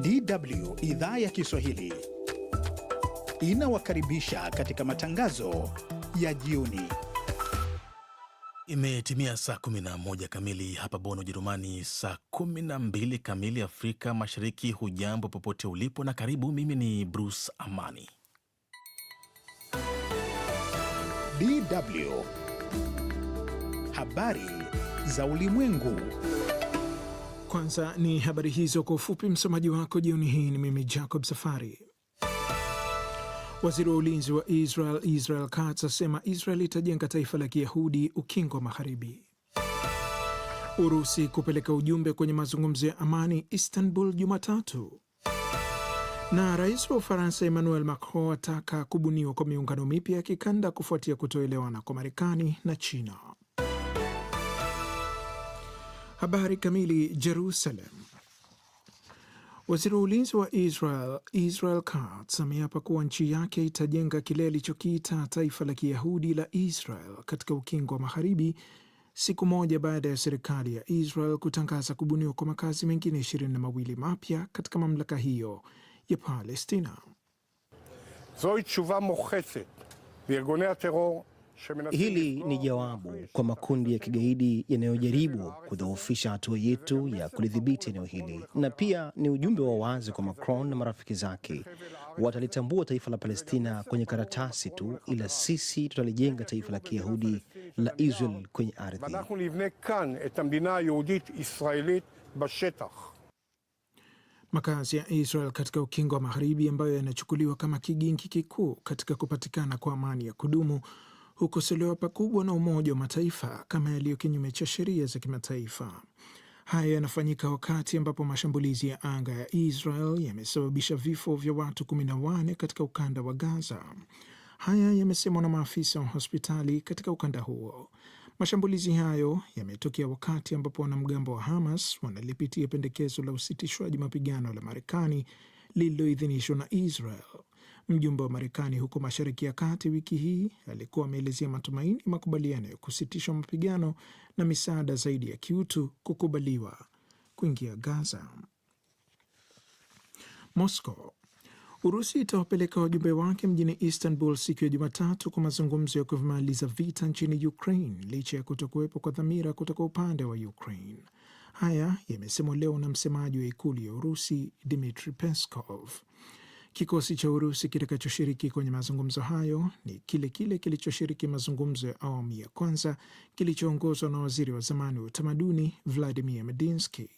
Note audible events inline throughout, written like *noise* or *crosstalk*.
DW idhaa ya Kiswahili inawakaribisha katika matangazo ya jioni. Imetimia saa 11 kamili hapa Bonn, Ujerumani, saa 12 kamili Afrika Mashariki. Hujambo popote ulipo na karibu. Mimi ni Bruce Amani. DW habari za ulimwengu kwanza ni habari hizo kwa ufupi. Msomaji wako jioni hii ni mimi Jacob Safari. Waziri wa ulinzi wa Israel Israel Katz asema Israel itajenga taifa la Kiyahudi ukingo wa Magharibi. Urusi kupeleka ujumbe kwenye mazungumzo ya amani Istanbul Jumatatu. Na rais wa Ufaransa Emmanuel Macron ataka kubuniwa kwa miungano mipya ya kikanda kufuatia kutoelewana kwa Marekani na China. Habari kamili. Jerusalem. Waziri wa ulinzi wa Israel Israel Katz ameapa kuwa nchi yake itajenga kile alichokiita taifa la kiyahudi la Israel katika ukingo wa magharibi, siku moja baada ya serikali ya Israel kutangaza kubuniwa kwa makazi mengine ishirini na mawili mapya katika mamlaka hiyo ya Palestina. zoi tshuva Hili ni jawabu kwa makundi ya kigaidi yanayojaribu kudhoofisha hatua yetu ya kulidhibiti eneo hili, na pia ni ujumbe wa wazi kwa Macron na marafiki zake. Watalitambua taifa la Palestina kwenye karatasi tu, ila sisi tutalijenga taifa la Kiyahudi la Israel kwenye ardhi. Makazi ya Israel katika ukingo wa Magharibi ambayo yanachukuliwa kama kigingi kikuu katika kupatikana kwa amani ya kudumu hukosolewa pakubwa na Umoja wa Mataifa kama yaliyo kinyume cha sheria za kimataifa. Haya yanafanyika wakati ambapo mashambulizi ya anga ya Israel yamesababisha vifo vya watu kumi na wane katika ukanda wa Gaza. Haya yamesemwa na maafisa wa hospitali katika ukanda huo. Mashambulizi hayo yametokea wakati ambapo wanamgambo wa Hamas wanalipitia pendekezo la usitishwaji mapigano la Marekani lililoidhinishwa na Israel. Mjumbe wa Marekani huko Mashariki ya Kati wiki hii alikuwa ameelezea matumaini makubaliano ya kusitishwa mapigano na misaada zaidi ya kiutu kukubaliwa kuingia Gaza. Moscow. Urusi itawapeleka wajumbe wake mjini Istanbul siku ya Jumatatu kwa mazungumzo ya kumaliza vita nchini Ukraine licha ya kutokuwepo kwa dhamira kutoka upande wa Ukraine. Haya yamesemwa leo na msemaji wa ikulu ya Urusi Dmitri Peskov. Kikosi cha Urusi kitakachoshiriki kwenye mazungumzo hayo ni kile kile kilichoshiriki mazungumzo ya awamu ya kwanza kilichoongozwa na waziri wa zamani wa utamaduni Vladimir Medinsky.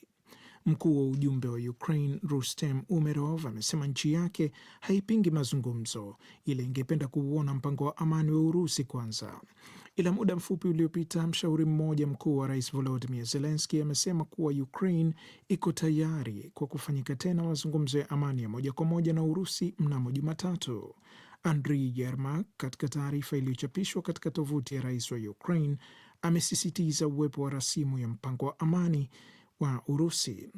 Mkuu wa ujumbe wa Ukraine Rustem Umerov amesema nchi yake haipingi mazungumzo, ila ingependa kuuona mpango wa amani wa Urusi kwanza. Ila muda mfupi uliopita, mshauri mmoja mkuu wa rais Volodimir Zelenski amesema kuwa Ukraine iko tayari kwa kufanyika tena mazungumzo ya amani ya moja kwa moja na Urusi mnamo Jumatatu. Andrii Yermak katika taarifa iliyochapishwa katika tovuti ya rais wa Ukraine amesisitiza uwepo wa rasimu ya mpango wa amani wa Urusi.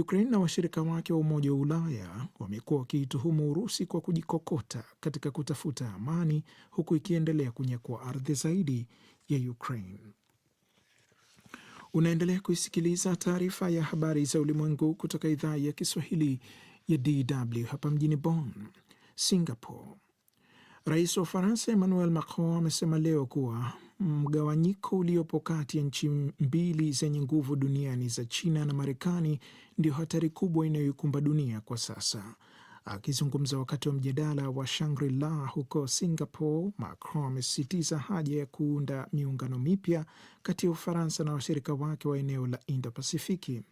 Ukraine na washirika wake wa Umoja wa Ulaya wamekuwa wakiituhumu Urusi kwa kujikokota katika kutafuta amani huku ikiendelea kunyakua ardhi zaidi ya Ukraine. Unaendelea kuisikiliza taarifa ya habari za ulimwengu kutoka idhaa ya Kiswahili ya DW hapa mjini Bonn. Singapore, rais wa Faransa Emmanuel Macron amesema leo kuwa Mgawanyiko uliopo kati ya nchi mbili zenye nguvu duniani za China na Marekani ndio hatari kubwa inayoikumba dunia kwa sasa. Akizungumza wakati wa mjadala wa Shangri-La huko Singapore, Macron amesisitiza haja ya kuunda miungano mipya kati ya Ufaransa na washirika wake wa eneo la Indo-Pasifiki.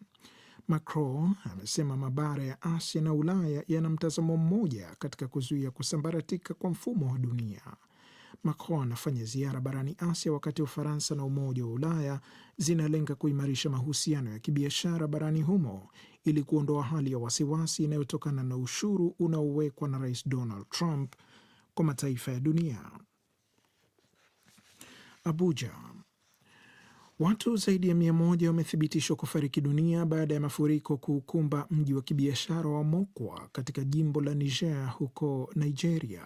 Macron amesema mabara ya Asia na Ulaya yana mtazamo mmoja katika kuzuia kusambaratika kwa mfumo wa dunia. Macron anafanya ziara barani Asia wakati Ufaransa na Umoja wa Ulaya zinalenga kuimarisha mahusiano ya kibiashara barani humo ili kuondoa hali ya wasiwasi inayotokana na ushuru unaowekwa na Rais Donald Trump kwa mataifa ya dunia. Abuja. Watu zaidi ya mia moja wamethibitishwa kufariki dunia baada ya mafuriko kuukumba mji wa kibiashara wa Mokwa katika jimbo la Niger huko Nigeria.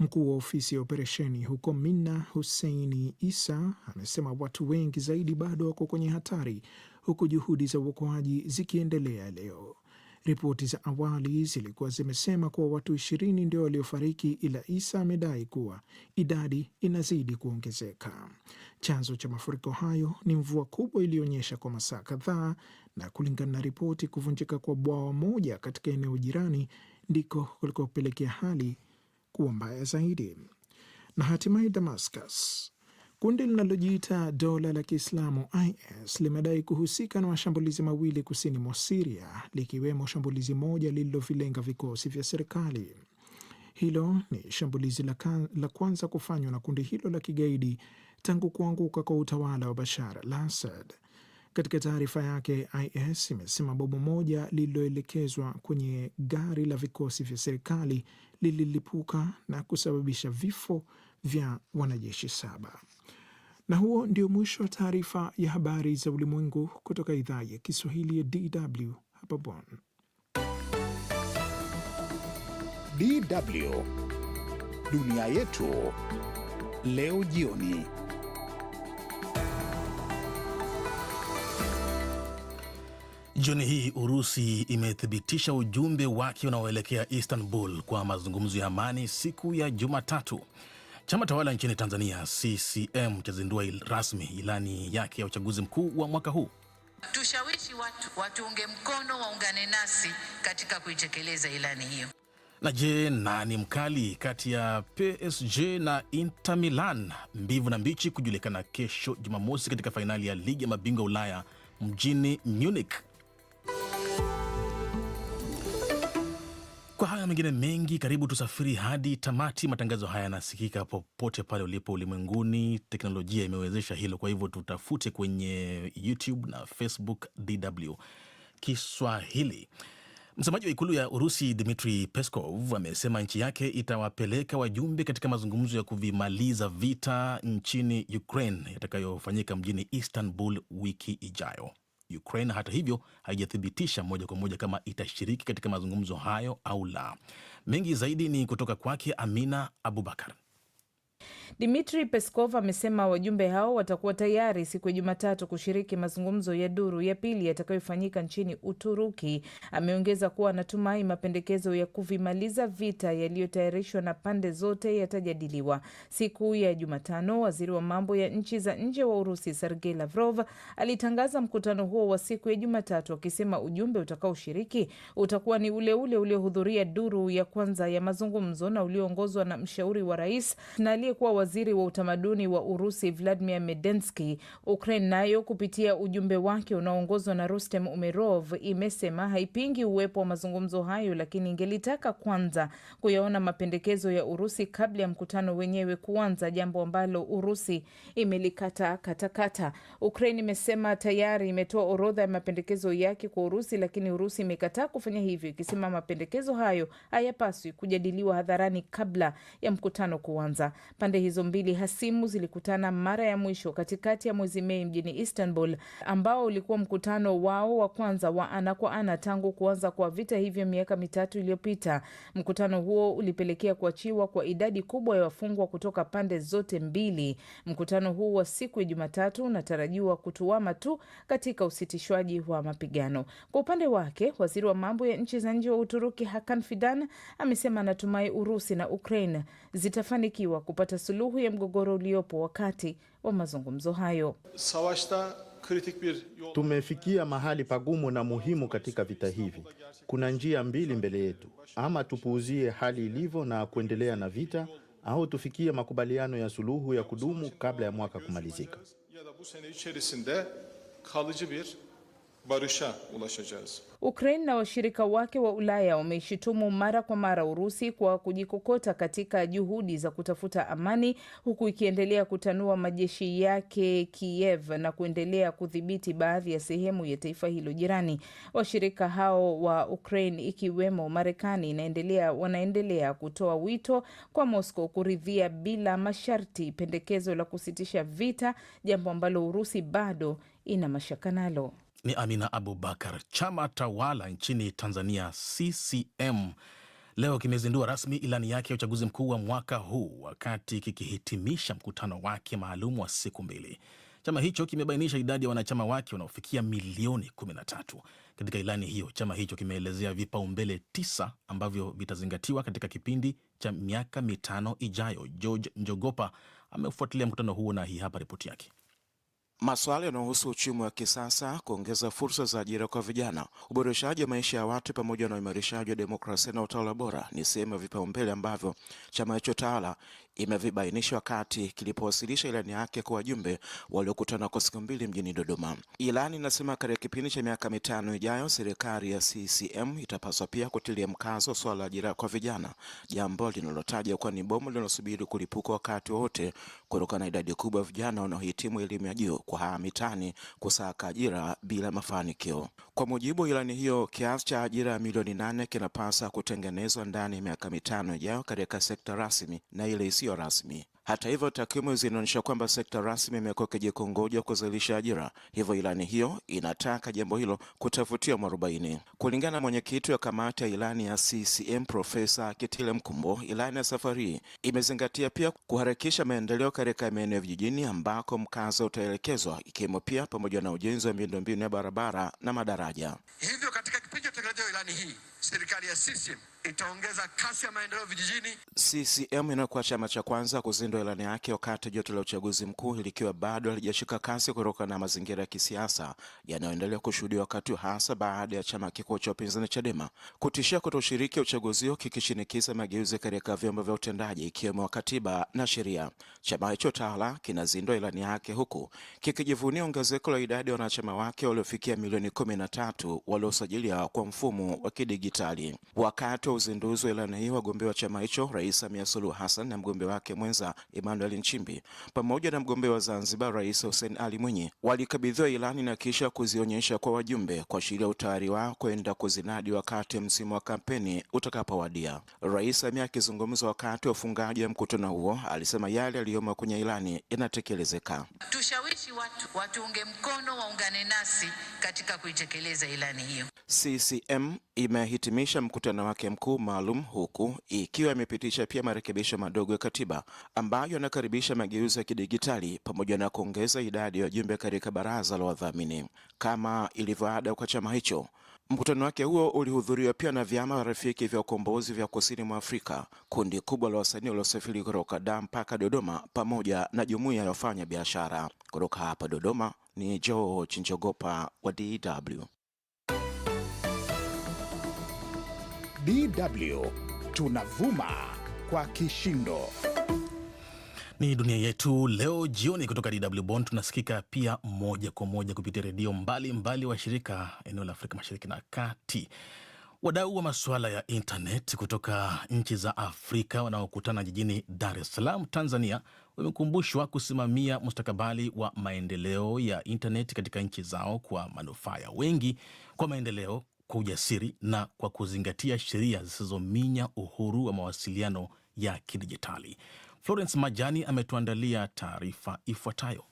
Mkuu wa ofisi ya operesheni huko Minna, huseini Isa, amesema watu wengi zaidi bado wako kwenye hatari, huku juhudi za uokoaji zikiendelea leo. Ripoti za awali zilikuwa zimesema kuwa watu ishirini ndio waliofariki, ila Isa amedai kuwa idadi inazidi kuongezeka. Chanzo cha mafuriko hayo ni mvua kubwa iliyoonyesha kwa masaa kadhaa, na kulingana na ripoti, kuvunjika kwa bwawa moja katika eneo jirani ndiko kulikopelekea hali kuwa mbaya zaidi. Na hatimaye Damascus, kundi linalojiita dola la Kiislamu IS limedai kuhusika na mashambulizi mawili kusini mwa Siria, likiwemo shambulizi moja lililovilenga vikosi vya serikali. Hilo ni shambulizi la, kan, la kwanza kufanywa na kundi hilo la kigaidi tangu kuanguka kwa utawala wa Bashar al-Assad. Katika taarifa yake IS imesema bomu moja lililoelekezwa kwenye gari la vikosi vya serikali lililipuka na kusababisha vifo vya wanajeshi saba. Na huo ndio mwisho wa taarifa ya habari za ulimwengu kutoka idhaa ya Kiswahili ya DW hapa Bonn. DW dunia yetu leo jioni. Jioni hii Urusi imethibitisha ujumbe wake unaoelekea Istanbul kwa mazungumzo ya amani siku ya Jumatatu. Chama tawala nchini Tanzania CCM chazindua il rasmi ilani yake ya uchaguzi mkuu wa mwaka huu. Tushawishi watu watuunge mkono, waungane nasi katika kuitekeleza ilani hiyo. Na je, nani mkali kati ya PSG na Inter Milan? Mbivu na mbichi kujulikana kesho Jumamosi katika fainali ya ligi ya mabingwa Ulaya mjini Munich. Kwa haya mengine mengi, karibu tusafiri hadi tamati. Matangazo haya yanasikika popote pale ulipo ulimwenguni. Teknolojia imewezesha hilo, kwa hivyo tutafute kwenye YouTube na Facebook DW Kiswahili. Msemaji wa ikulu ya Urusi Dmitri Peskov amesema nchi yake itawapeleka wajumbe katika mazungumzo ya kuvimaliza vita nchini Ukraine yatakayofanyika mjini Istanbul wiki ijayo. Ukraine hata hivyo haijathibitisha moja kwa moja kama itashiriki katika mazungumzo hayo au la. Mengi zaidi ni kutoka kwake Amina Abubakar. Dmitri Peskov amesema wajumbe hao watakuwa tayari siku ya Jumatatu kushiriki mazungumzo ya duru ya pili yatakayofanyika nchini Uturuki. Ameongeza kuwa anatumai mapendekezo ya kuvimaliza vita yaliyotayarishwa na pande zote yatajadiliwa siku ya Jumatano. Waziri wa mambo ya nchi za nje wa Urusi Sergei Lavrov alitangaza mkutano huo wa siku ya Jumatatu akisema ujumbe utakaoshiriki utakuwa ni ule ule uliohudhuria duru ya kwanza ya mazungumzo na ulioongozwa na mshauri wa rais na aliyekuwa waziri wa utamaduni wa Urusi Vladimir Medensky, Ukraine nayo kupitia ujumbe wake unaoongozwa na Rustem Umerov imesema haipingi uwepo wa mazungumzo hayo, lakini ingelitaka kwanza kuyaona mapendekezo ya Urusi kabla ya mkutano wenyewe kuanza, jambo ambalo Urusi imelikataa katakata. Ukraine imesema tayari imetoa orodha ya mapendekezo yake kwa Urusi, lakini Urusi imekataa kufanya hivyo, ikisema mapendekezo hayo hayapaswi kujadiliwa hadharani kabla ya mkutano kuanza. Pande hizo mbili hasimu zilikutana mara ya mwisho katikati ya mwezi Mei mjini Istanbul, ambao ulikuwa mkutano wao wa kwanza wa ana kwa ana tangu kuanza kwa vita hivyo miaka mitatu iliyopita. Mkutano huo ulipelekea kuachiwa kwa idadi kubwa ya wafungwa kutoka pande zote mbili. Mkutano huo wa siku ya Jumatatu unatarajiwa kutuama tu katika usitishwaji wa mapigano. Kwa upande wake, waziri wa mambo ya nchi za nje wa Uturuki Hakan Fidan amesema anatumai Urusi na Ukraine zitafanikiwa kupata suluhu suluhu ya mgogoro uliopo wakati wa mazungumzo hayo. Tumefikia mahali pagumu na muhimu katika vita hivi. Kuna njia mbili mbele yetu, ama tupuuzie hali ilivyo na kuendelea na vita, au tufikie makubaliano ya suluhu ya kudumu kabla ya mwaka kumalizika barışa ulaşacağız. Ukraine na washirika wake wa Ulaya wameishitumu mara kwa mara Urusi kwa kujikokota katika juhudi za kutafuta amani huku ikiendelea kutanua majeshi yake Kiev na kuendelea kudhibiti baadhi ya sehemu ya taifa hilo jirani. Washirika hao wa Ukraine ikiwemo Marekani inaendelea wanaendelea kutoa wito kwa Moscow kuridhia bila masharti pendekezo la kusitisha vita, jambo ambalo Urusi bado ina mashaka nalo ni Amina Abubakar. Chama tawala nchini Tanzania CCM leo kimezindua rasmi ilani yake ya uchaguzi mkuu wa mwaka huu wakati kikihitimisha mkutano wake maalum wa siku mbili. Chama hicho kimebainisha idadi ya wanachama wake wanaofikia milioni 13. Katika ilani hiyo, chama hicho kimeelezea vipaumbele tisa ambavyo vitazingatiwa katika kipindi cha miaka mitano ijayo. George Njogopa amefuatilia mkutano huo na hii hapa ripoti yake. Masuala yanayohusu uchumi wa kisasa, kuongeza fursa za ajira kwa vijana, uboreshaji wa maisha ya watu pamoja na uimarishaji wa demokrasia na utawala bora ni sehemu ya vipaumbele ambavyo chama hicho tawala imevibainisha wakati kilipowasilisha ilani yake kwa wajumbe waliokutana kwa siku mbili mjini Dodoma. Ilani inasema katika kipindi cha miaka mitano ijayo, serikali ya CCM itapaswa pia kutilia mkazo swala la ajira kwa vijana, jambo linalotaja kuwa ni bomu linalosubiri kulipuka wakati wowote kutokana na idadi kubwa ya vijana wanaohitimu elimu ya juu kuhama mitaani kusaka ajira bila mafanikio. Kwa mujibu wa ilani hiyo, kiasi cha ajira milioni nane kinapasa kutengenezwa ndani ya miaka mitano ijayo katika sekta rasmi na ile isiyo sio rasmi. Hata hivyo, takwimu zinaonyesha kwamba sekta rasmi imekuwa ikijikongoja kuzalisha ajira, hivyo ilani hiyo inataka jambo hilo kutafutiwa mwarobaini. Kulingana na mwenyekiti wa kamati ya ilani ya CCM Profesa Kitile Mkumbo, ilani ya safari hii imezingatia pia kuharakisha maendeleo katika maeneo ya vijijini ambako mkazo utaelekezwa, ikiwemo pia pamoja na ujenzi wa miundombinu ya barabara na madaraja. Hivyo katika kipindi cha utekelezaji wa ilani hii serikali ya CCM itaongeza kasi ya maendeleo vijijini. CCM inayokuwa chama cha kwanza kuzindua ilani yake wakati joto la uchaguzi mkuu likiwa bado halijashika kasi kutokana na mazingira ya kisiasa yanayoendelea kushuhudiwa wakati hasa baada ya chama kikuu cha upinzani Chadema kutishia kutoshiriki uchaguzi huo kikishinikiza mageuzi katika vyombo vya utendaji ikiwemo katiba na sheria. Chama hicho tawala kinazindua ilani yake huku kikijivunia ongezeko la idadi ya wanachama wake waliofikia milioni kumi na tatu waliosajiliwa kwa mfumo wa kidijitali wakati wa uzinduzi wa ilani hiyo, wagombea wa chama hicho Rais Samia Suluhu Hassan na mgombea wake mwenza Emmanuel Nchimbi pamoja na mgombea wa Zanzibar Rais Hussein Ali Mwinyi walikabidhiwa ilani na kisha kuzionyesha kwa wajumbe kuashiria utayari wao kwenda kuzinadi wakati msimu wa kampeni utakapowadia. Rais Samia akizungumza wakati wa ufungaji wa mkutano huo alisema yale yaliyomo kwenye ilani yanatekelezeka. Tushawishi tuwashawishi watu watunge mkono waungane nasi katika kuitekeleza ilani hiyo. CCM imehitimisha mkutano wake mkuu maalum huku ikiwa imepitisha pia marekebisho madogo ya katiba ambayo yanakaribisha mageuzi ya kidigitali pamoja na kuongeza idadi ya wajumbe katika baraza la wadhamini. Kama ilivyoada kwa chama hicho, Mkutano wake huo ulihudhuriwa pia na vyama rafiki vya ukombozi vya kusini mwa Afrika, kundi kubwa la wasanii waliosafiri kutoka Dar mpaka Dodoma, pamoja na jumuiya ya wafanya biashara. Kutoka hapa Dodoma ni Joe Njogopa wa DW. DW tunavuma kwa kishindo. Ni dunia yetu leo jioni kutoka DW Bonn. Tunasikika pia moja kwa moja kupitia redio mbalimbali wa shirika eneo la Afrika Mashariki na Kati. Wadau wa masuala ya intaneti kutoka nchi za Afrika wanaokutana jijini Dar es Salaam, Tanzania, wamekumbushwa kusimamia mustakabali wa maendeleo ya intaneti katika nchi zao kwa manufaa ya wengi, kwa maendeleo, kwa ujasiri na kwa kuzingatia sheria zisizominya uhuru wa mawasiliano ya kidijitali. Florence Majani ametuandalia taarifa ifuatayo.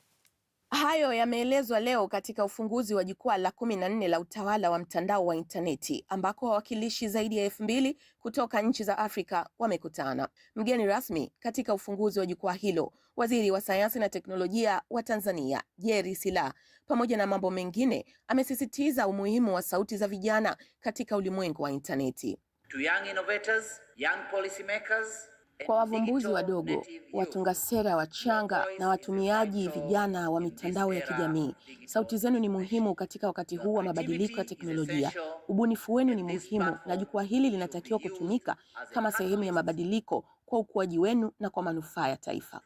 Hayo yameelezwa leo katika ufunguzi wa jukwaa la kumi na nne la utawala wa mtandao wa intaneti ambako wawakilishi zaidi ya elfu mbili kutoka nchi za Afrika wamekutana. Mgeni rasmi katika ufunguzi wa jukwaa hilo, waziri wa sayansi na teknolojia wa Tanzania Jerry Silaa, pamoja na mambo mengine, amesisitiza umuhimu wa sauti za vijana katika ulimwengu wa intaneti. To young innovators, young policymakers kwa wavumbuzi wadogo, watunga sera wachanga na watumiaji vijana wa mitandao ya kijamii, sauti zenu ni muhimu katika wakati huu wa mabadiliko ya teknolojia. Ubunifu wenu ni muhimu, na jukwaa hili linatakiwa kutumika kama sehemu ya mabadiliko kwa ukuaji wenu na kwa manufaa ya taifa.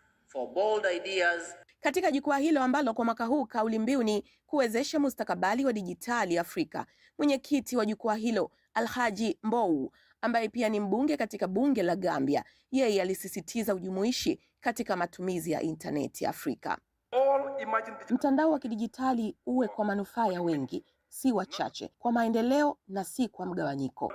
Katika jukwaa hilo ambalo kwa mwaka huu kauli mbiu ni kuwezesha mustakabali wa dijitali Afrika, mwenyekiti wa jukwaa hilo Alhaji Mbou ambaye pia ni mbunge katika bunge la Gambia, yeye alisisitiza ujumuishi katika matumizi ya intaneti Afrika. Mtandao wa kidijitali uwe kwa manufaa ya wengi, si wachache, kwa maendeleo na si kwa mgawanyiko.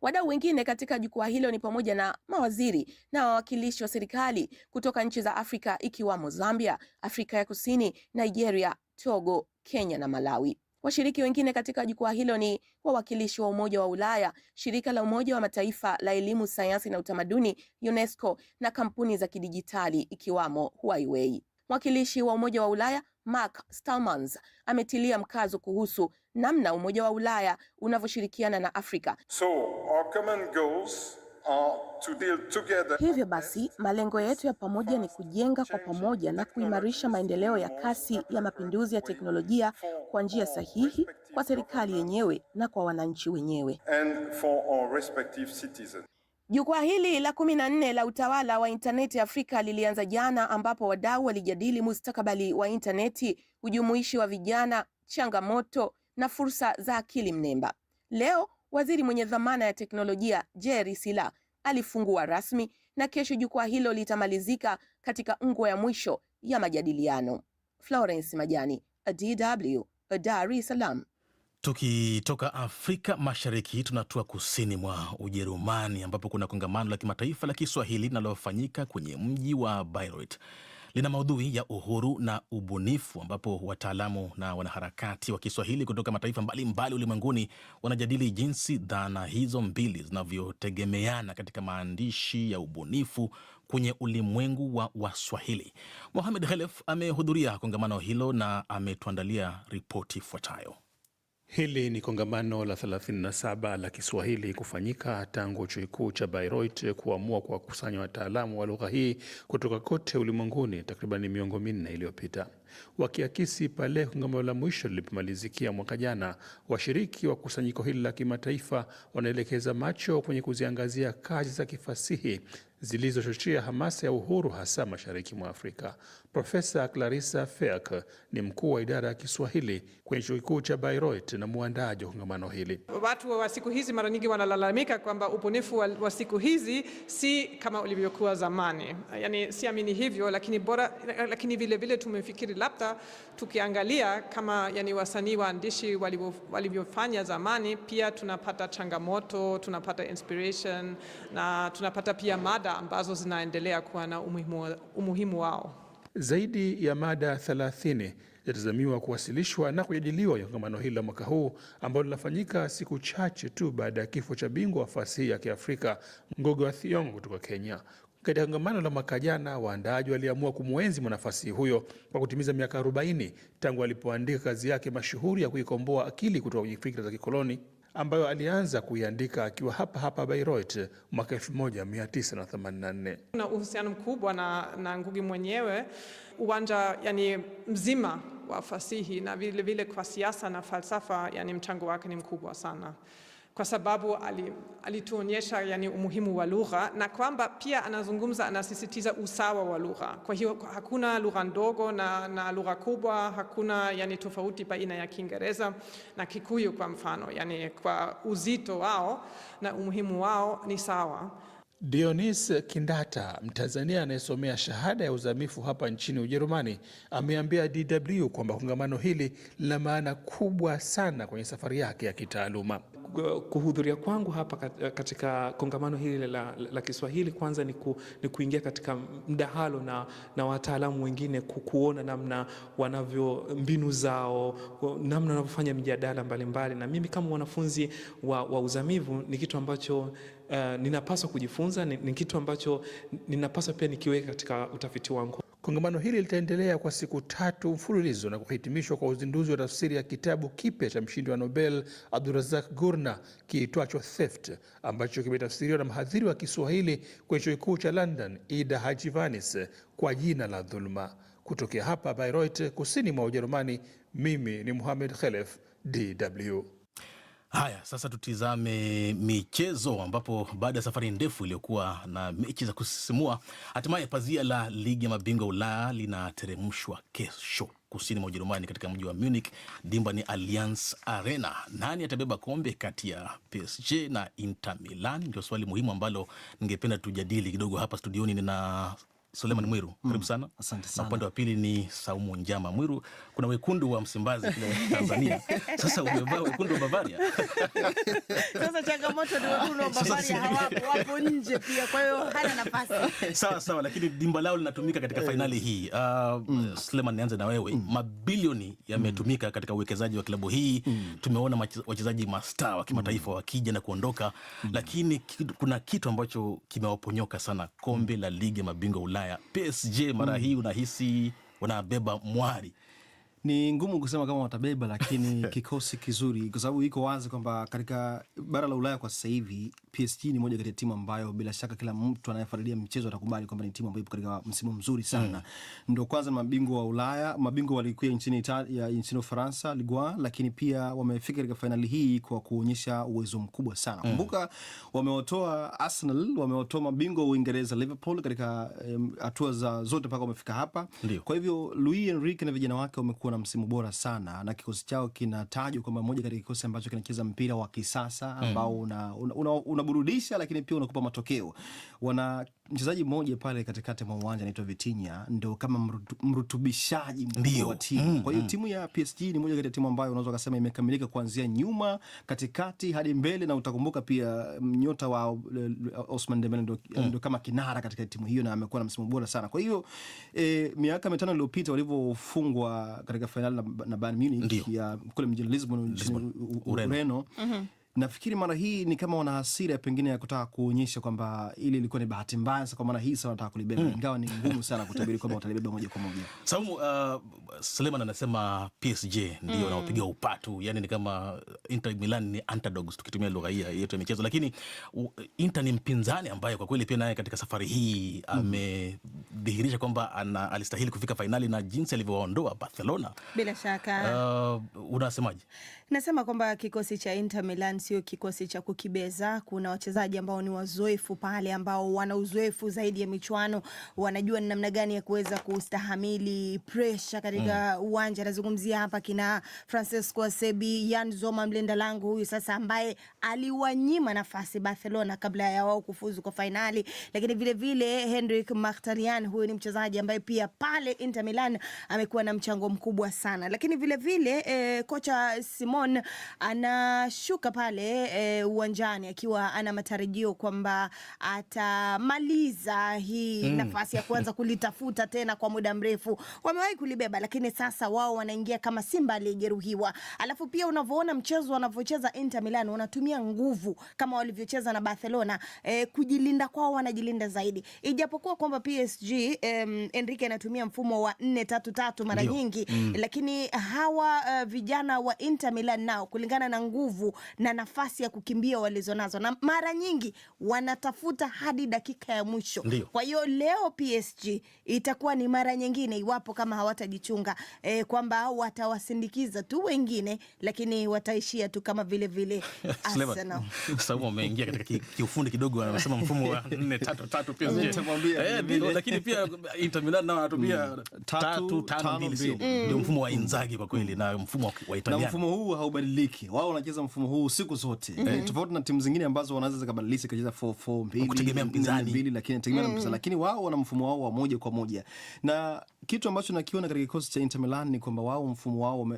Wadau wengine katika jukwaa hilo ni pamoja na mawaziri na wawakilishi wa serikali kutoka nchi za Afrika ikiwamo Zambia, Afrika ya Kusini, Nigeria, Togo, Kenya na Malawi. Washiriki wengine katika jukwaa hilo ni wawakilishi wa Umoja wa Ulaya, shirika la Umoja wa Mataifa la elimu, sayansi na utamaduni UNESCO na kampuni za kidijitali ikiwamo Huawei. Mwakilishi wa Umoja wa Ulaya Mark Stalmans ametilia mkazo kuhusu namna Umoja wa Ulaya unavyoshirikiana na Afrika. So, our common goals To together. Hivyo basi malengo yetu ya pamoja ni kujenga kwa pamoja na kuimarisha maendeleo ya kasi ya mapinduzi ya teknolojia kwa njia sahihi kwa serikali yenyewe na kwa wananchi wenyewe. Jukwaa hili la kumi na nne la utawala wa intaneti Afrika lilianza jana, ambapo wadau walijadili mustakabali wa intaneti, ujumuishi wa vijana, changamoto na fursa za akili mnemba. Leo Waziri mwenye dhamana ya teknolojia Jerry Silaa alifungua rasmi na kesho jukwaa hilo litamalizika katika ngwa ya mwisho ya majadiliano. Florence Majani, DW, Dar es Salaam. Tukitoka Afrika Mashariki tunatua kusini mwa Ujerumani ambapo kuna kongamano la kimataifa la Kiswahili linalofanyika kwenye mji wa Bayreuth lina maudhui ya uhuru na ubunifu, ambapo wataalamu na wanaharakati wa Kiswahili kutoka mataifa mbalimbali ulimwenguni wanajadili jinsi dhana hizo mbili zinavyotegemeana katika maandishi ya ubunifu kwenye ulimwengu wa Waswahili. Mohamed Khelef amehudhuria kongamano hilo na ametuandalia ripoti ifuatayo. Hili ni kongamano la 37 la Kiswahili kufanyika tangu chuo kikuu cha Bayreuth kuamua kuwakusanya wataalamu wa lugha hii kutoka kote ulimwenguni takriban miongo minne iliyopita. Wakiakisi pale kongamano la mwisho lilipomalizikia mwaka jana, washiriki wa kusanyiko hili la kimataifa wanaelekeza macho kwenye kuziangazia kazi za kifasihi zilizochochea hamasa ya uhuru hasa mashariki mwa Afrika. Profesa Clarissa Feak ni mkuu wa idara ya Kiswahili kwenye chuo kikuu cha Bayreuth na mwandaji wa kongamano hili. Watu wa siku hizi mara nyingi wanalalamika kwamba ubunifu wa, wa siku hizi si kama ulivyokuwa zamani, yani siamini hivyo, lakini bora, lakini vilevile tumefikiri labda tukiangalia kama yani wasanii waandishi walivyofanya zamani, pia tunapata changamoto, tunapata inspiration na tunapata pia mada ambazo zinaendelea kuwa na umuhimu, umuhimu wao. Zaidi ya mada 30 yatazamiwa kuwasilishwa na kujadiliwa kwenye kongamano hili la mwaka huu ambalo linafanyika siku chache tu baada ya kifo cha bingwa wa fasihi ya Kiafrika Ngugi wa Thiong'o kutoka Kenya. Katika kongamano la mwaka jana, waandaaji waliamua kumwenzi mwanafasihi huyo kwa kutimiza miaka 40 tangu alipoandika kazi yake mashuhuri ya kuikomboa akili kutoka kwenye fikra za kikoloni ambayo alianza kuiandika akiwa hapa hapa Bayreuth mwaka 1984. Na uhusiano mkubwa na, na Ngugi mwenyewe uwanja yani mzima wa fasihi na vilevile vile kwa siasa na falsafa, yani mchango wake ni mkubwa sana kwa sababu alituonyesha yani umuhimu wa lugha na kwamba pia anazungumza, anasisitiza usawa wa lugha. Kwa hiyo hakuna lugha ndogo na, na lugha kubwa, hakuna yani tofauti baina ya Kiingereza na Kikuyu kwa mfano, yani kwa uzito wao na umuhimu wao ni sawa. Dionis Kindata, Mtanzania anayesomea shahada ya uzamifu hapa nchini Ujerumani, ameambia DW kwamba kongamano hili lina maana kubwa sana kwenye safari yake ya kitaaluma. Kuhudhuria kwangu hapa katika kongamano hili la, la Kiswahili kwanza ni, ku, ni kuingia katika mdahalo na, na wataalamu wengine kuona namna wanavyo mbinu zao, namna wanavyofanya mijadala mbalimbali, na mimi kama mwanafunzi wa, wa uzamivu ni kitu ambacho uh, ninapaswa kujifunza ni, kitu ambacho ninapaswa pia nikiweka katika utafiti wangu. Kongamano hili litaendelea kwa siku tatu mfululizo na kuhitimishwa kwa uzinduzi wa tafsiri ya kitabu kipya cha mshindi wa Nobel Abdurazak Gurna kiitwacho Theft ambacho kimetafsiriwa na mhadhiri wa Kiswahili kwenye chuo kikuu cha London Ida Hajivanis kwa jina la Dhuluma. Kutokea hapa Bayreuth, kusini mwa Ujerumani, mimi ni Muhamed Khelef, DW. Haya, sasa tutizame michezo, ambapo baada ya safari ndefu iliyokuwa na mechi za kusisimua, hatimaye pazia la ligi ya mabingwa Ulaya linateremshwa kesho kusini mwa Ujerumani, katika mji wa Munich. Dimba ni Allianz Arena. Nani atabeba kombe kati ya PSG na Inter Milan? Ndio swali muhimu ambalo ningependa tujadili kidogo hapa studioni. Nina Suleiman Mwiru, mm. karibu sana. Asante sana. upande wa pili ni Saumu Njama Mwiru. Kuna wekundu wa Msimbazi kule *laughs* Tanzania. Sasa umevaa wekundu wa Bavaria. *laughs* Sasa changamoto ni wekundu wa Bavaria hawapo, wapo nje pia, kwa hiyo hana nafasi. *laughs* Sawa sawa, lakini dimba lao linatumika katika fainali eh. hii. Uh, mm. Suleiman, nianze na wewe. Mm. Mabilioni yametumika mm. katika uwekezaji wa klabu hii. Mm. Tumeona wachezaji mastaa wa kimataifa mm. wakija na kuondoka. Mm. Lakini kuna kitu ambacho kimewaponyoka sana, kombe la ligi ya mabingwa Ulaya Ulaya. PSG mara mm. hii unahisi wanabeba mwari ni ngumu kusema kama watabeba, lakini *laughs* kikosi kizuri, kwa sababu iko wazi kwamba katika bara la Ulaya kwa sasa hivi PSG ni moja kati ya timu ambayo bila shaka kila mtu anayefuatilia mchezo atakubali kwamba ni timu ambayo ipo katika msimu mzuri sana mm. Ndio kwanza mabingwa wa Ulaya, mabingwa walikuwa nchini Italia, nchini Ufaransa Ligue, 1, lakini pia wamefika katika fainali hii kwa kuonyesha uwezo mkubwa sana. mm. Kumbuka wamewatoa Arsenal, wamewatoa mabingwa wa Uingereza Liverpool katika hatua um, za zote mpaka wamefika hapa. Ndiyo. Kwa hivyo Luis Enrique na vijana wake wamekuwa kuwa na msimu bora sana na kikosi chao kinatajwa kwamba moja katika kikosi ambacho kinacheza mpira wa kisasa mm. ambao unaburudisha, una, una, una lakini pia unakupa matokeo. Wana mchezaji mmoja pale katikati mwa uwanja anaitwa Vitinya, ndio kama mrutubishaji mkuu wa timu mm, kwa hiyo mm. timu ya PSG ni moja kati ya timu ambayo unaweza kusema imekamilika kuanzia nyuma, katikati hadi mbele, na utakumbuka pia mm, nyota wa uh, Osman Dembele ndio mm. kama kinara katika timu hiyo na amekuwa na msimu bora sana. Kwa hiyo e, miaka mitano iliyopita walivyofungwa katika fainali na, na Bayern Munich ya kule mjini Lisbon, Ureno, Ureno. Mm -hmm. Nafikiri mara hii ni kama wana hasira pengine ya kutaka kuonyesha kwamba ili ilikuwa ni bahati mbaya, kwa maana hii sasa wanataka kulibeba, hmm. ingawa ni ngumu sana kutabiri kwamba watalibeba moja kwa moja. *laughs* Sababu uh, Suleiman anasema PSG ndio hmm. wanaopiga upatu, yani ni kama uh, Inter Milan ni underdogs tukitumia lugha hii yetu ya michezo, lakini uh, Inter ni mpinzani ambaye kwa kweli pia naye katika safari hii hmm. amedhihirisha kwamba ana, alistahili kufika fainali na jinsi alivyowaondoa Barcelona. Bila shaka uh, unasemaje? Nasema kwamba kikosi cha Inter Milan sio kikosi cha kukibeza. Kuna wachezaji ambao ni wazoefu pale, ambao wana uzoefu zaidi ya michuano, wanajua ni namna gani ya kuweza kustahamili pressure katika mm. uwanja. Nazungumzia hapa kina Francesco Acerbi, Yan Zoma, mlinda langu huyu sasa, ambaye aliwanyima nafasi Barcelona kabla ya wao kufuzu kwa fainali, lakini vile vile Henrik Mkhitaryan, huyu ni mchezaji ambaye pia pale Inter Milan amekuwa na mchango mkubwa sana, lakini vile vile eh, kocha Simon Simon anashuka pale e, uwanjani akiwa ana matarajio kwamba atamaliza hii mm. nafasi ya kuanza kulitafuta tena kwa muda mrefu. Wamewahi kulibeba, lakini sasa wao wanaingia kama Simba aliyejeruhiwa. Alafu pia unavyoona mchezo wanavyocheza Inter Milan, wanatumia nguvu kama walivyocheza na Barcelona e, kujilinda kwao, wanajilinda zaidi, ijapokuwa kwamba PSG em, Enrique anatumia mfumo wa 4-3-3 mara nyingi mm. lakini hawa uh, vijana wa Inter Milan Mila nao kulingana na nguvu na nafasi ya kukimbia walizonazo, na mara nyingi wanatafuta hadi dakika ya mwisho. Kwa hiyo leo PSG itakuwa ni mara nyingine, iwapo kama hawatajichunga e, kwamba watawasindikiza tu wengine, lakini wataishia tu kama vile vile *laughs* Arsenal. *laughs* Sababu wameingia katika kiufundi kidogo, wanasema mfumo wa 4-3-3 *laughs* PSG, eh, lakini pia Inter Milan nao anatumia 3-5-2, mm. mm. ndio mfumo wa Inzaghi kwa kweli na mfumo wa Italia na mfumo huu haubadiliki, wao wanacheza mfumo huu siku zote mm -hmm. tofauti na timu zingine ambazo wanaweza zikabadilisha kacheza 4-4-2 mpinzani, mm. lakini wao wana mfumo wao wa moja kwa moja na kitu ambacho nakiona katika kikosi cha Inter Milan ni kwamba wao mfumo wao,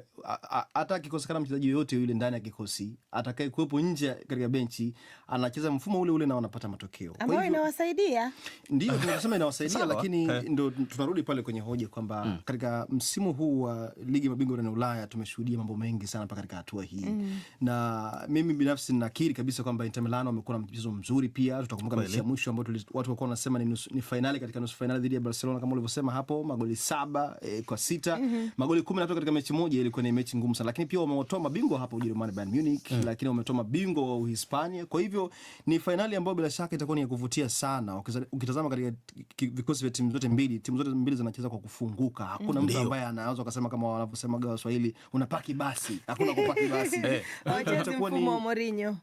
hata akikosekana mchezaji yoyote yule ndani ya kikosi, atakaye kuwepo nje katika benchi, anacheza mfumo ule ule na wanapata matokeo ambayo inawasaidia. Ndio tunasema inawasaidia, lakini eh. ndo tunarudi pale kwenye hoja kwamba mm. katika msimu huu wa ligi ya mabingwa barani Ulaya tumeshuhudia mambo mengi sana mpaka katika hatua hii mm. na mimi binafsi nakiri kabisa kwamba Inter Milan wamekuwa na mchezo mzuri. Pia tutakumbuka mechi ya mwisho ambayo watu walikuwa wanasema ni, ni fainali katika nusu fainali dhidi ya Barcelona kama ulivyosema hapo magoli saba e, kwa sita mm -hmm. magoli kumi natoka katika mechi moja, ilikuwa ni mechi ngumu sana, lakini pia wamewatoa mabingwa hapa Ujerumani Bayern Munich mm. -hmm. lakini wametoa mabingwa wa Uhispania. Kwa hivyo ni fainali ambayo bila shaka itakuwa ni ya kuvutia sana, ukitazama katika vikosi vya timu zote mbili, timu zote mbili zinacheza kwa kufunguka, hakuna mtu ambaye anaweza kusema kama wanavyosema Waswahili unapaki basi, hakuna kupaki basi. Hey. *laughs* Eh. Itakuwa ni Mourinho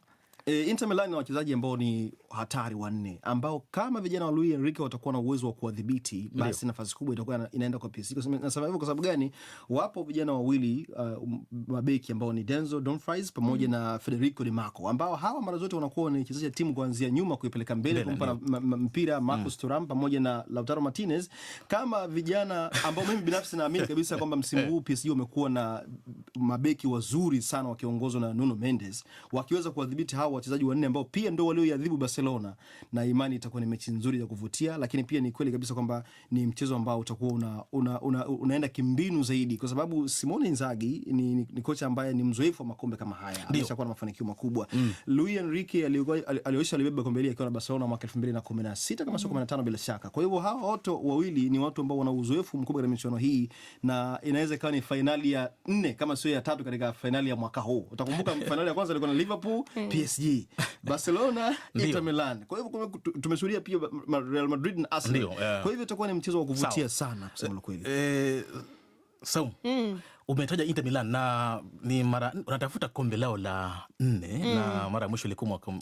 E, Inter Milan na wachezaji ambao ni hatari wanne ambao kama vijana wa Luis Enrique watakuwa na uwezo wa kuwadhibiti basi nafasi kubwa itakuwa inaenda kwa PSG. Nasema hivyo kwa sababu gani? Wapo vijana wawili uh, mabeki ambao ni Denzo Dumfries pamoja mm. na Federico Di Marco ambao hawa mara zote wanakuwa wanachezesha timu kuanzia nyuma kuipeleka mbele kumpa mpira mm. Marcus mm. Thuram pamoja na Lautaro Martinez kama vijana ambao mimi binafsi naamini kabisa kwamba msimu huu PSG wamekuwa na mabeki wazuri sana wakiongozwa na Nuno Mendes wakiweza kuwadhibiti hawa wachezaji wanne ambao pia ndio walioiadhibu Barcelona, na imani itakuwa ni mechi nzuri ya kuvutia, lakini pia ni kweli kabisa kwamba ni mchezo ambao utakuwa una, una, una, unaenda kimbinu zaidi, kwa sababu Simone Inzaghi ni, ni, ni kocha ambaye ni mzoefu wa makombe kama haya, ameshakuwa na mafanikio makubwa mm. Luis Enrique alionyesha alibeba kombe hili akiwa na Barcelona mwaka 2016 kama mm. sio 15 bila shaka. Kwa hivyo hawa wote wawili ni watu ambao wana uzoefu mkubwa katika michuano hii na inaweza ikawa ni fainali ya nne kama sio ya tatu katika fainali ya mwaka huu. Utakumbuka *laughs* fainali ya kwanza ilikuwa na Liverpool, mm. PSG PSG, Barcelona, Inter Milan. Kwa hivyo tumeshuhudia pia Real Madrid na Arsenal. Kwa hivyo itakuwa ni mchezo wa kuvutia sana kusema kweli. Eh, eh sawa. Umetaja Inter Milan na ni mara unatafuta kombe lao la nne mm. na mara ya mwisho ilikuwa mwaka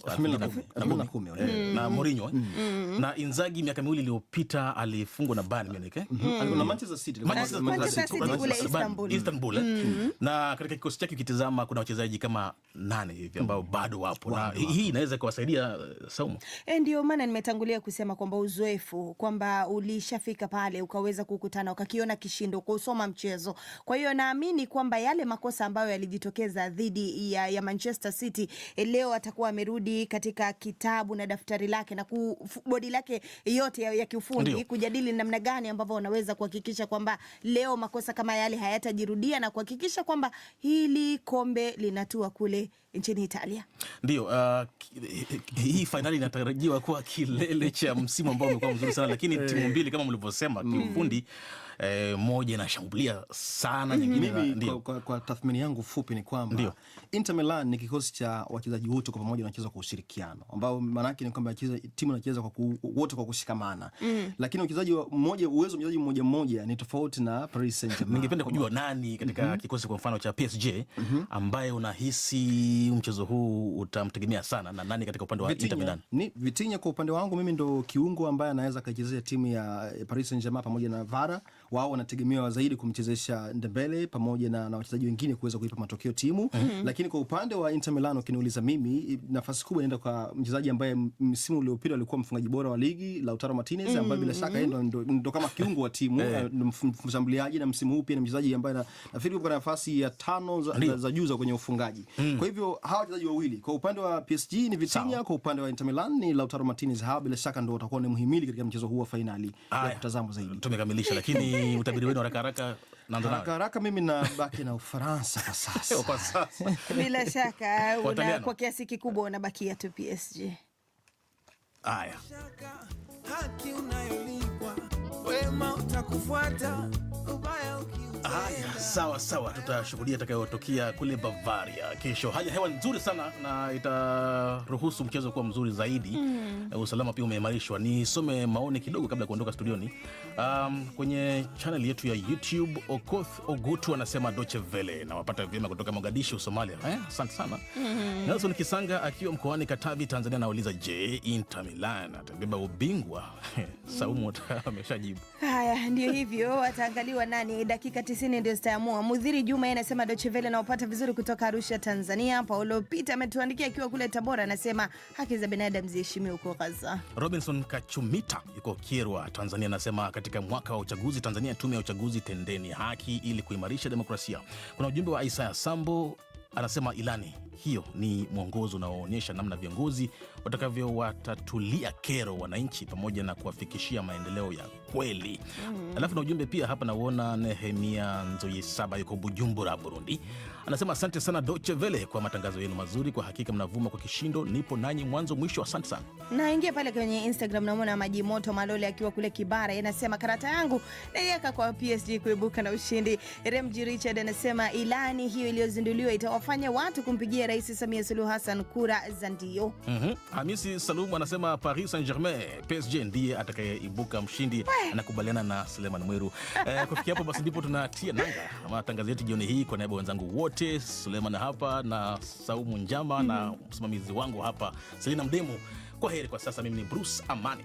na kumi eh, mm. na Mourinho eh. mm. mm. na Inzaghi miaka miwili iliyopita alifungwa na Bayern Munich eh, mm-hmm. mm. na Manchester City Istanbul, eh. mm-hmm. na katika kikosi chake ukitizama kuna wachezaji kama nane hivi ambao mm. bado wapo na hii inaweza kuwasaidia uh, Saumu. Eh, ndio maana nimetangulia kusema kwamba uzoefu kwamba ulishafika pale ukaweza kukutana ukakiona kishindo kusoma mchezo, kwa hiyo na unaamini kwamba yale makosa ambayo yalijitokeza dhidi ya, ya Manchester City eh, leo atakuwa amerudi katika kitabu na daftari lake na bodi lake yote ya, ya kiufundi kujadili namna gani ambavyo wanaweza kuhakikisha kwamba leo makosa kama yale hayatajirudia na kuhakikisha kwamba hili kombe linatua kule nchini Italia. Ndio, uh, hii fainali inatarajiwa kuwa kilele cha msimu ambao umekuwa mzuri sana, lakini eh. timu mbili kama mlivyosema mm. kiufundi E, moja inashambulia sana nyingine. Mimi kwa, kwa, kwa tathmini yangu fupi ni kwamba Inter Milan ni kikosi cha wachezaji wote kwa pamoja wanacheza kwa ushirikiano, ambao maana yake ni kwamba timu inacheza kwa wote kwa kushikamana mm. Lakini wachezaji mmoja, uwezo mchezaji mmoja mmoja ni tofauti na Paris Saint-Germain. Ningependa kujua mm-hmm. nani katika mm -hmm. kikosi kwa mfano cha PSG mm -hmm. ambaye unahisi mchezo huu utamtegemea sana na nani katika upande wa Inter Milan? Ni Vitinha kwa upande wangu mimi ndo kiungo ambaye anaweza akaichezea timu ya Paris Saint-Germain pamoja na Vara wao wanategemewa zaidi kumchezesha Dembele pamoja na, na wachezaji wengine kuweza kuipa matokeo timu mm -hmm. Lakini kwa upande wa Inter Milan ukiniuliza mimi, nafasi kubwa inaenda kwa mchezaji ambaye msimu uliopita alikuwa mfungaji bora wa ligi Lautaro Martinez mm -hmm. ambaye bila shaka yeye ndo, kama kiungo wa timu yeah. *laughs* Eh, mshambuliaji na msimu huu pia ni mchezaji ambaye nafikiri yuko na nafasi ya tano za, za, za juu za kwenye ufungaji mm. -hmm. Kwa hivyo hawa wachezaji wawili kwa upande wa PSG ni Vitinha, kwa upande wa Inter Milan ni Lautaro Martinez, hawa bila shaka ndo watakuwa ni muhimili katika mchezo huu wa fainali ya kutazama zaidi. Tumekamilisha lakini *laughs* utabiri wenu haraka haraka haraka haraka, mimi nabaki na Ufaransa kwa sasa kwa *laughs* sasa. Bila shaka una, kwa kiasi kikubwa unabakia tu PSG. Haya, haki unayolipwa wema utakufuata ubaya Haya, sawa sawa, tutashuhudia itakayotokea kule Bavaria kesho. Hali ya hewa nzuri sana na itaruhusu mchezo kuwa mzuri zaidi mm. Usalama pia umeimarishwa. Nisome maoni kidogo kabla ya kuondoka studioni. Um, kwenye channel yetu ya YouTube Okoth Ogutu anasema Deutsche Welle na wapata vyema kutoka Mogadishu, Somalia. Eh, Asante sana mm. Nelson Kisanga akiwa mkoani Katavi, Tanzania anauliza je, Inter Milan atabeba ubingwa? *laughs* Saumu mm. ameshajibu. Haya, ndio hivyo, ataangaliwa nani dakika ofisini ndio zitaamua. Mudhiri Juma anasema Deutsche Welle naopata vizuri kutoka Arusha, Tanzania. Paulo Peter ametuandikia akiwa kule Tabora, anasema haki za binadamu ziheshimiwe huko Gaza. Robinson Kachumita yuko Kirwa, Tanzania, anasema katika mwaka wa uchaguzi Tanzania, tume ya uchaguzi tendeni haki ili kuimarisha demokrasia. Kuna ujumbe wa Isaya Sambo anasema ilani hiyo ni mwongozo unaoonyesha namna viongozi watakavyowatatulia kero wananchi pamoja na kuwafikishia maendeleo ya kweli. mm -hmm. Alafu na ujumbe pia hapa nauona, Nehemia saba yuko Bujumbura, Burundi, anasema asante sana dochevele kwa matangazo yenu mazuri, kwa hakika mnavuma kwa kishindo, nipo nanyi mwanzo mwisho, asante sana. Naingia pale kwenye Instagram, namona Maji Moto Malole akiwa kule Kibara, anasema karata yangu naiweka kwa PSG kuibuka na ushindi. Remji Richard anasema ilani hiyo iliyozinduliwa itawafanya watu kumpigia Rais Samia Suluhu Hassan kura za ndio. mm -hmm. Hamisi Salum anasema Paris Saint-Germain PSG ndiye atakayeibuka mshindi, anakubaliana na Suleiman Mweru. *laughs* Eh, kufikia hapo basi ndipo tunatia nanga matangazo yetu jioni hii. Kwa niaba wenzangu wote, Suleiman hapa na Saumu Njama mm -hmm. na mhm. msimamizi wangu hapa Selina Mdemu, kwa heri kwa sasa. Mimi ni Bruce Amani.